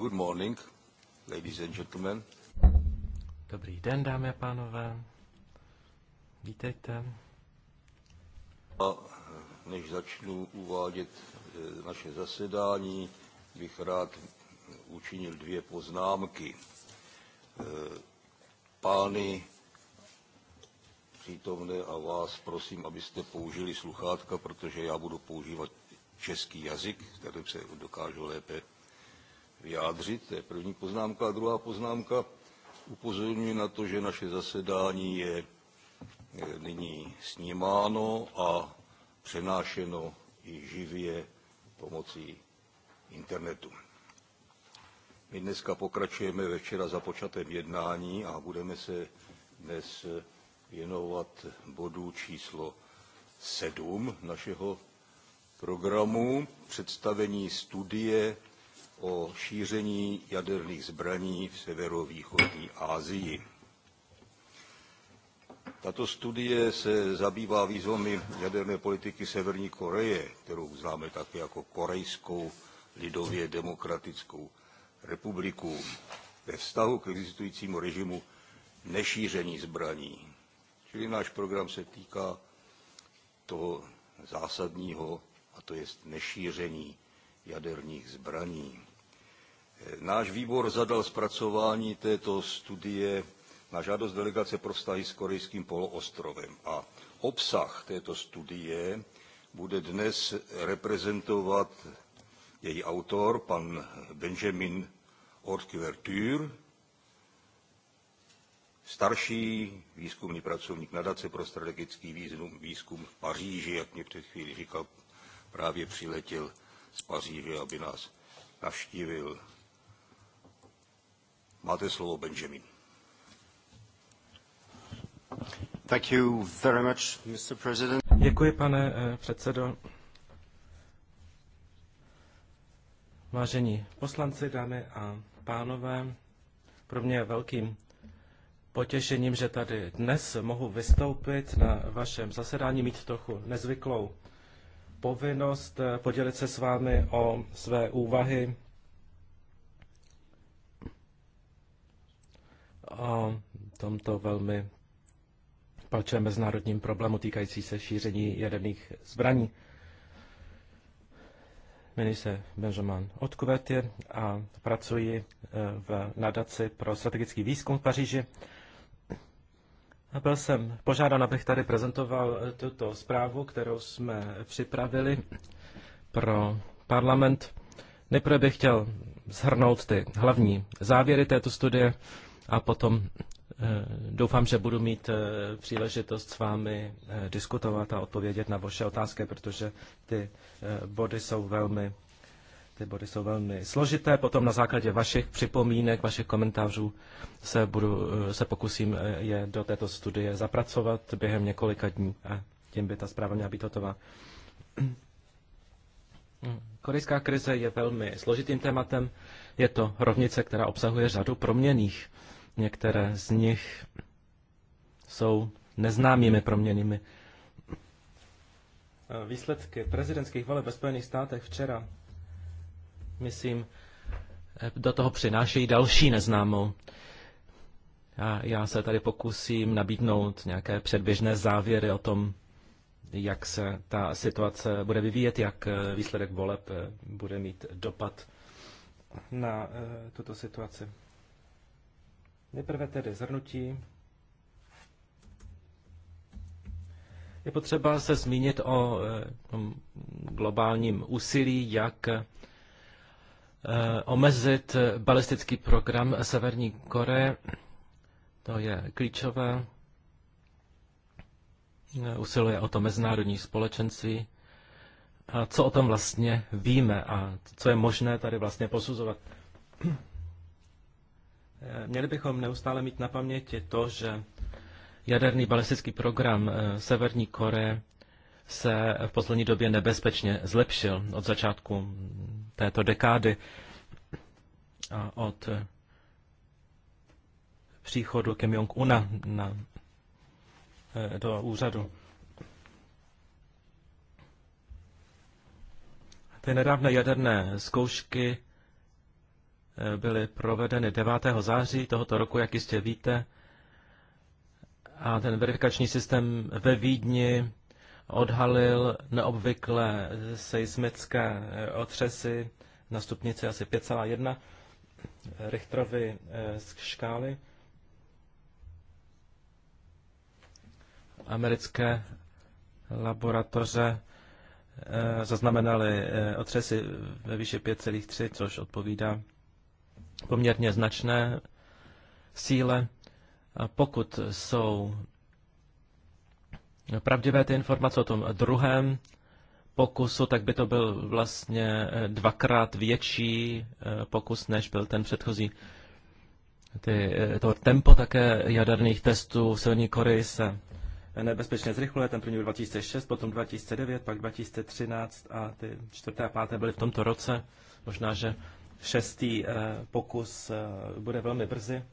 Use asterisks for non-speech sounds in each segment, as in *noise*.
Good morning, ladies and gentlemen. Dobrý den, dámy a pánové. Vítejte. A než začnu uvádět eh, naše zasedání, bych rád učinil dvě poznámky. Eh, pány přítomné a vás prosím, abyste použili sluchátka, protože já budu používat český jazyk, kterým se dokážu lépe vyjádřit. To je první poznámka. A druhá poznámka upozorňuje na to, že naše zasedání je nyní snímáno a přenášeno i živě pomocí internetu. My dneska pokračujeme večera za započatém jednání a budeme se dnes věnovat bodu číslo 7 našeho programu představení studie o šíření jaderných zbraní v severovýchodní Asii. Tato studie se zabývá výzvami jaderné politiky Severní Koreje, kterou známe také jako Korejskou lidově demokratickou republiku, ve vztahu k existujícímu režimu nešíření zbraní. Čili náš program se týká toho zásadního, a to je nešíření jaderních zbraní. Náš výbor zadal zpracování této studie na žádost delegace pro vztahy s korejským poloostrovem a obsah této studie bude dnes reprezentovat její autor, pan Benjamin Ortkvertur, starší výzkumný pracovník nadace pro strategický výzkum, výzkum v Paříži, jak mě před chvíli říkal, právě přiletěl z Paříže, aby nás navštívil. Máte slovo, Benjamin. Thank you very much, Mr. President. Děkuji, pane eh, předsedo. Vážení poslanci, dámy a pánové, pro mě je velkým potěšením, že tady dnes mohu vystoupit na vašem zasedání, mít trochu nezvyklou povinnost eh, podělit se s vámi o své úvahy a tomto velmi palčem mezinárodním problému týkající se šíření jaderných zbraní. Jmenuji se Benjamin Odkvetě a pracuji eh, v nadaci pro strategický výzkum v Paříži. A byl jsem požádán, abych tady prezentoval eh, tuto zprávu, kterou jsme připravili pro parlament. Nejprve bych chtěl zhrnout ty hlavní závěry této studie a potom eh, doufám, že budu mít eh, příležitost s vámi eh, diskutovat a odpovědět na vaše otázky, protože ty body jsou velmi ty body jsou velmi složité. Potom na základě vašich připomínek, vašich komentářů se, budu, se pokusím je do této studie zapracovat během několika dní a tím by ta zpráva měla být hotová. *clears throat* Korejská krize je velmi složitým tématem. Je to rovnice, která obsahuje řadu proměných. Některé z nich jsou neznámými proměnými. Výsledky prezidentských voleb ve Spojených státech včera, myslím, do toho přinášejí další neznámou. A já se tady pokusím nabídnout nějaké předběžné závěry o tom, jak se ta situace bude vyvíjet, jak eh, výsledek voleb eh, bude mít dopad na eh, tuto situaci. Nejprve tedy zhrnutí. Je potřeba se zmínit o eh, globálním úsilí, jak eh, omezit balistický program Severní Koreje. To je klíčové. Usiluje o to mezinárodní společenství. A co o tom vlastně víme a co je možné tady vlastně posuzovat. Měli bychom neustále mít na paměti to, že jaderný balistický program eh, Severní Koreje se v poslední době nebezpečně zlepšil od začátku mm, této dekády a od eh, příchodu Kim Jong-una na, eh, do úřadu. Ty nedávné jaderné zkoušky byly provedeny 9. září tohoto roku, jak jistě víte. A ten verifikační systém ve Vídni odhalil neobvykle seismické otřesy na stupnici asi 5,1 Richterovy eh, škály. Americké laboratoře eh, zaznamenaly eh, otřesy ve výši 5,3, což odpovídá poměrně značné síle. A pokud jsou pravdivé ty informace o tom druhém pokusu, tak by to byl vlastně eh, dvakrát větší eh, pokus, než byl ten předchozí. Ty, eh, to tempo také jaderných testů v Severní Koreji se nebezpečně zrychluje. Ten první byl 2006, potom 2009, pak 2013 a ty čtvrté a páté byly v tomto roce. Možná, že Šestý eh, pokus eh, bude velmi brzy.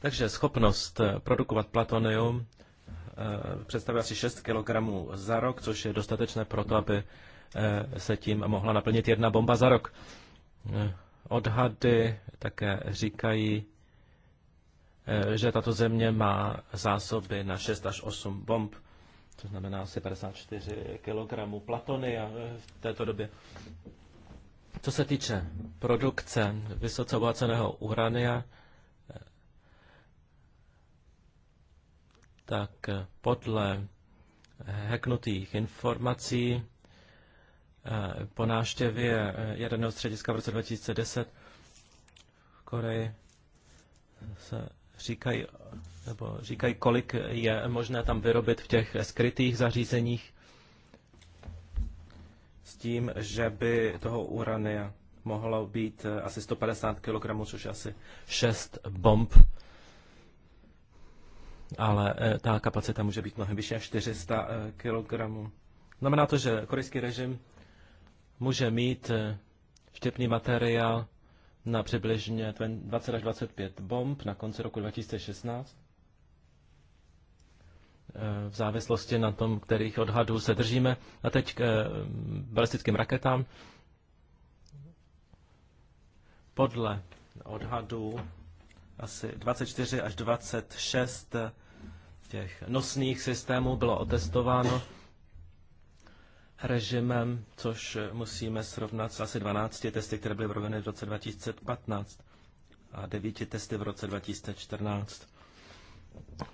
Takže schopnost eh, produkovat platonium představuje asi 6 kg za rok, což je dostatečné pro to, aby se tím mohla naplnit jedna bomba za rok. Odhady také říkají, že tato země má zásoby na 6 až 8 bomb, to znamená asi 54 kg a v této době. Co se týče produkce vysoce obohaceného urania, tak podle heknutých informací eh, po návštěvě eh, jaderného střediska v roce 2010 v Koreji se říkají, nebo říkají, kolik je možné tam vyrobit v těch skrytých zařízeních s tím, že by toho urania mohlo být eh, asi 150 kg, což je asi 6 bomb. Ale eh, ta kapacita může být mnohem vyšší, 400 eh, kg. Znamená to, že korejský režim může mít štěpný materiál na přibližně 20 až 25 bomb na konci roku 2016. Eh, v závislosti na tom, kterých odhadů se držíme. A teď k eh, balistickým raketám. Podle odhadů asi 24 až 26 těch nosných systémů bylo otestováno režimem, což musíme srovnat s asi 12 testy, které byly provedeny v roce 2015 a 9 testy v roce 2014.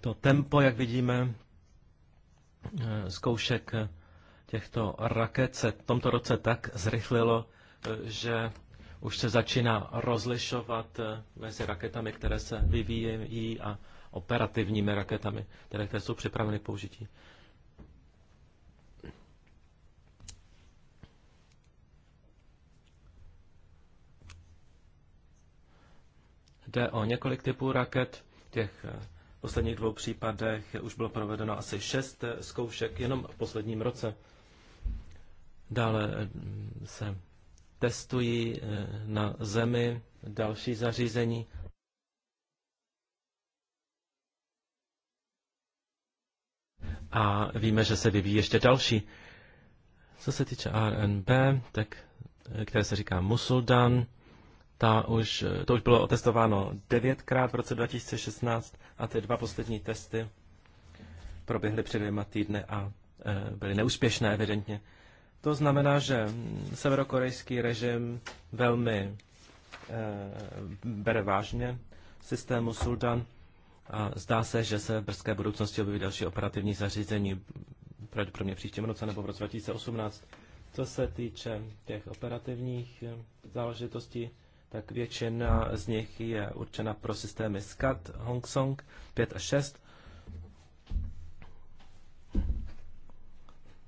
To tempo, jak vidíme, Eh, zkoušek eh, těchto raket se v tomto roce tak zrychlilo, eh, že už se začíná rozlišovat mezi raketami, které se vyvíjejí a operativními raketami, které, které jsou připraveny k použití. Jde o několik typů raket, těch v posledních dvou případech už bylo provedeno asi šest zkoušek jenom v posledním roce. Dále eh, se testují eh, na zemi další zařízení. A víme, že se vyvíjí ještě další. Co se týče RNB, tak, eh, které se říká Musuldan, ta už, to už bylo otestováno devětkrát v roce 2016 a ty dva poslední testy proběhly před dvěma týdny a e, byly neúspěšné evidentně. To znamená, že severokorejský režim velmi e, bere vážně systému Sultan a zdá se, že se v brzké budoucnosti objeví další operativní zařízení pravděpodobně příštím roce nebo v roce 2018. Co se týče těch operativních e, záležitostí, tak většina z nich je určena pro systémy SCAT, Hongsong 5 a 6.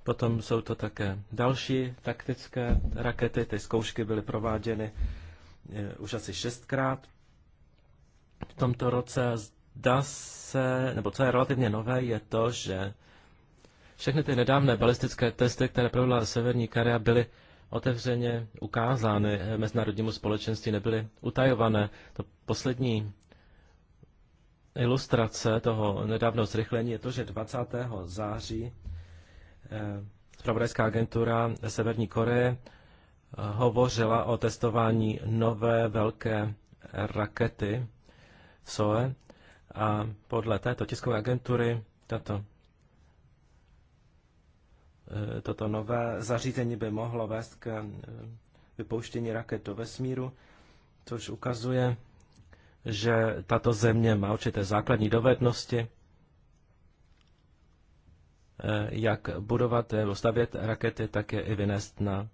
Potom jsou to také další taktické rakety. Ty zkoušky byly prováděny eh, už asi šestkrát. V tomto roce zdá se, nebo co je relativně nové, je to, že všechny ty nedávné balistické testy, které provedla Severní Korea, byly otevřeně ukázány eh, mezinárodnímu společenství, nebyly utajované. To poslední ilustrace toho nedávného zrychlení je to, že 20. září Spravodajská eh, agentura Severní Koreje eh, hovořila o testování nové velké rakety SOE a podle této tiskové agentury tato Eh, toto nové zařízení by mohlo vést k eh, vypouštění raket do vesmíru, což ukazuje, že tato země má určité základní dovednosti, eh, jak budovat nebo stavět rakety, tak je i vynést na,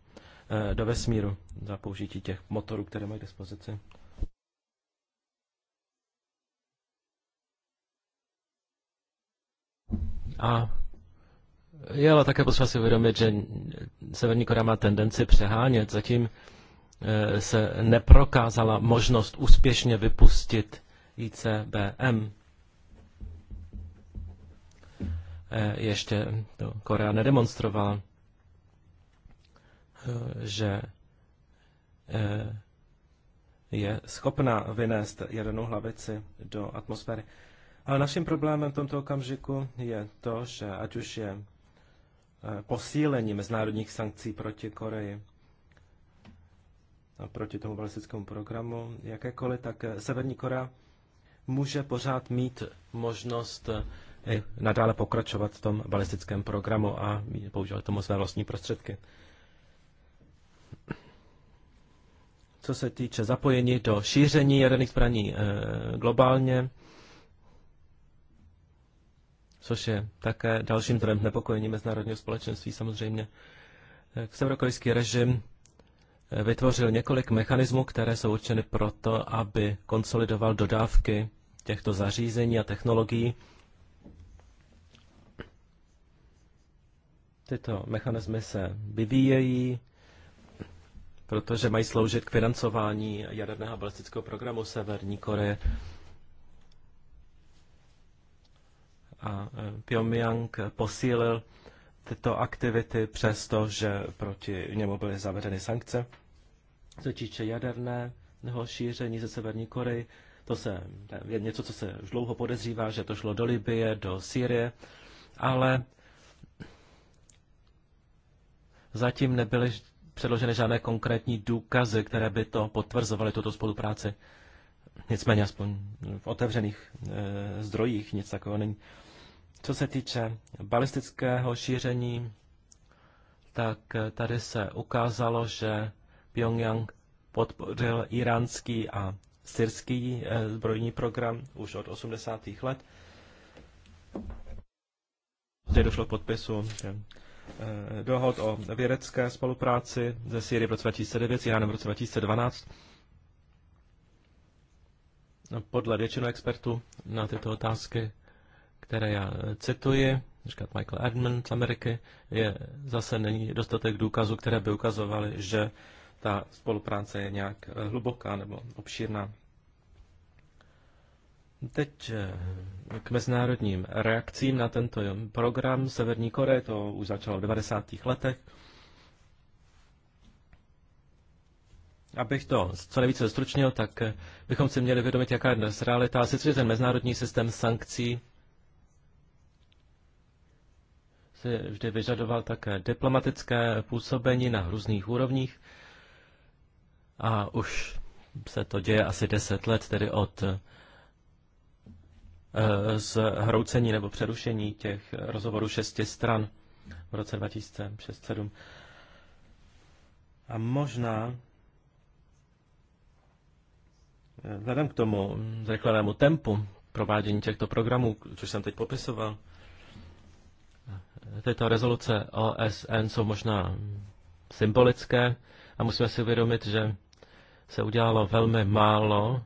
do vesmíru za použití těch motorů, které mají k dispozici. A je ale také potřeba si uvědomit, že Severní Korea má tendenci přehánět. Zatím eh, se neprokázala možnost úspěšně vypustit ICBM. Eh, ještě to Korea nedemonstrovala, eh, že je schopna vynést jadernou hlavici do atmosféry. Ale naším problémem v tomto okamžiku je to, že ať už je Eh, posílení mezinárodních sankcí proti Koreji a proti tomu balistickému programu, jakékoliv, tak eh, Severní Korea může pořád mít možnost eh, i nadále pokračovat v tom balistickém programu a používat tomu své vlastní prostředky. Co se týče zapojení do šíření jaderných zbraní globálně, což je také dalším trendem nepokojení mezinárodního společenství samozřejmě. Eh, Severokorejský režim eh, vytvořil několik mechanismů, které jsou určeny proto, aby konsolidoval dodávky těchto zařízení a technologií. Tyto mechanismy se vyvíjejí, protože mají sloužit k financování jaderného balistického programu Severní Koreje. a e, Pyongyang posílil tyto aktivity, že proti němu byly zavedeny sankce. Co týče jaderného šíření ze Severní Koreji, to se, je něco, co se už dlouho podezřívá, že to šlo do Libie, do Sýrie, ale zatím nebyly předloženy žádné konkrétní důkazy, které by to potvrzovaly, tuto spolupráci. Nicméně aspoň v otevřených e, zdrojích nic takového není. Co se týče balistického šíření, tak tady se ukázalo, že Pyongyang podporil iránský a syrský eh, zbrojní program už od 80. let. Zde došlo k podpisu eh, dohod o vědecké spolupráci ze Syrii v roce 2009 s Iránem v roce 2012. No, podle většinu expertů na tyto otázky které já eh, cituji, říkat Michael Edmund z Ameriky, je zase není dostatek důkazů, které by ukazovaly, že ta spolupráce je nějak eh, hluboká nebo obšírná. Teď eh, k mezinárodním reakcím na tento program Severní Koreje, to už začalo v 90. letech. Abych to co nejvíce stručnil, tak bychom si měli vědomit, jaká je dnes realita. Sice ten mezinárodní systém sankcí si vždy vyžadoval také diplomatické působení na různých úrovních a už se to děje asi deset let, tedy od eh, zhroucení nebo přerušení těch rozhovorů šesti stran v roce 2006-2007. A možná eh, vzhledem k tomu zrychlenému tempu provádění těchto programů, což jsem teď popisoval, tyto rezoluce OSN jsou možná symbolické a musíme si uvědomit, že se udělalo velmi málo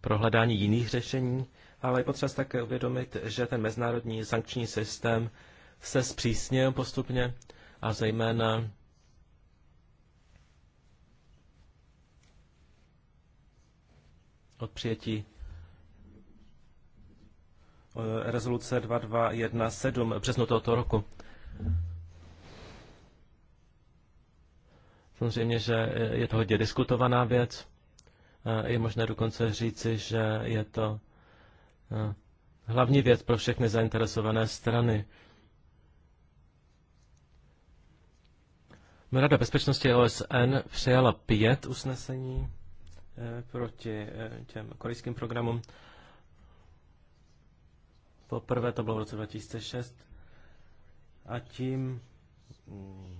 pro hledání jiných řešení, ale je potřeba také uvědomit, že ten mezinárodní sankční systém se zpřísnil postupně a zejména od přijetí Eh, rezoluce 2217 přesno tohoto roku. Samozřejmě, že je to hodně diskutovaná věc. Eh, je možné dokonce říci, že je to eh, hlavní věc pro všechny zainteresované strany. Rada bezpečnosti OSN přijala pět usnesení proti těm korejským programům. Poprvé to bylo v roce 2006 a tím mm,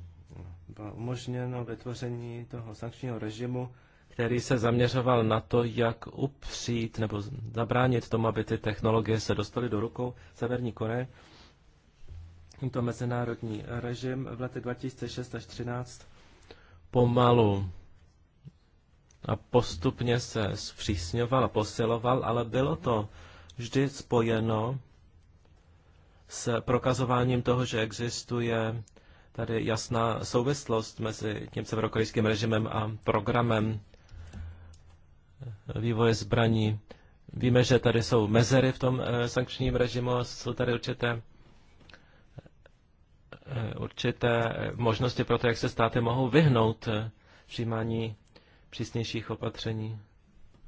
bylo umožněno vytvoření toho sankčního režimu, který se zaměřoval na to, jak upřít nebo zabránit tomu, aby ty technologie se dostaly do rukou Severní Koreje. Tento mezinárodní režim v letech 2006 až 2013 pomalu a postupně se zpřísňoval a posiloval, ale bylo to vždy spojeno s prokazováním toho, že existuje tady jasná souvislost mezi tím severokorejským režimem a programem vývoje zbraní. Víme, že tady jsou mezery v tom eh, sankčním režimu, jsou tady určité, eh, určité možnosti pro to, jak se státy mohou vyhnout eh, přijímání přísnějších opatření.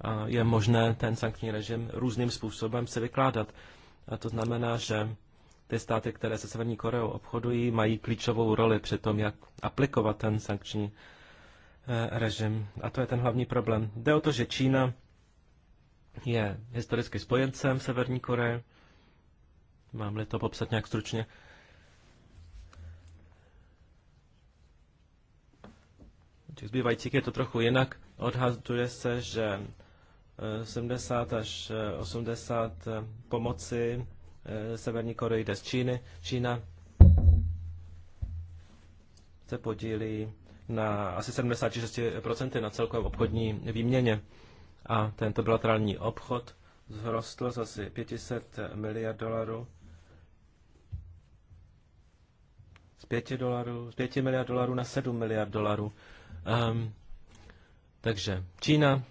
A je možné ten sankční režim různým způsobem se vykládat. A to znamená, že ty státy, které se Severní Koreou obchodují, mají klíčovou roli při tom, jak aplikovat ten sankční eh, režim. A to je ten hlavní problém. Jde o to, že Čína je historicky spojencem Severní Koreje. Mám-li to popsat nějak stručně? těch zbývajících je to trochu jinak. Odhaduje se, že 70 eh, až 80 eh, pomoci Eh, Severní Koreji jde z Číny. Čína se podílí na asi 76% na celkové obchodní výměně. A tento bilaterální obchod vzrostl z asi 500 miliard dolarů z 5, dolarů, z 5 miliard dolarů na 7 miliard dolarů. Um, takže Čína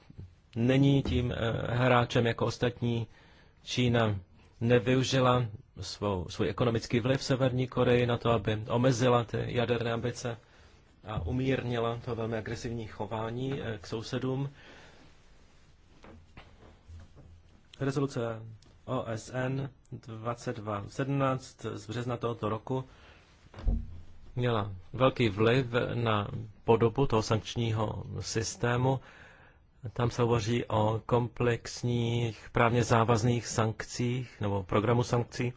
není tím uh, hráčem jako ostatní. Čína nevyužila svou, svůj ekonomický vliv v Severní Koreji na to, aby omezila ty jaderné ambice a umírnila to velmi agresivní chování eh, k sousedům. Rezoluce OSN 2217 z března tohoto roku měla velký vliv na podobu toho sankčního systému tam se hovoří o komplexních právně závazných sankcích nebo programu sankcí.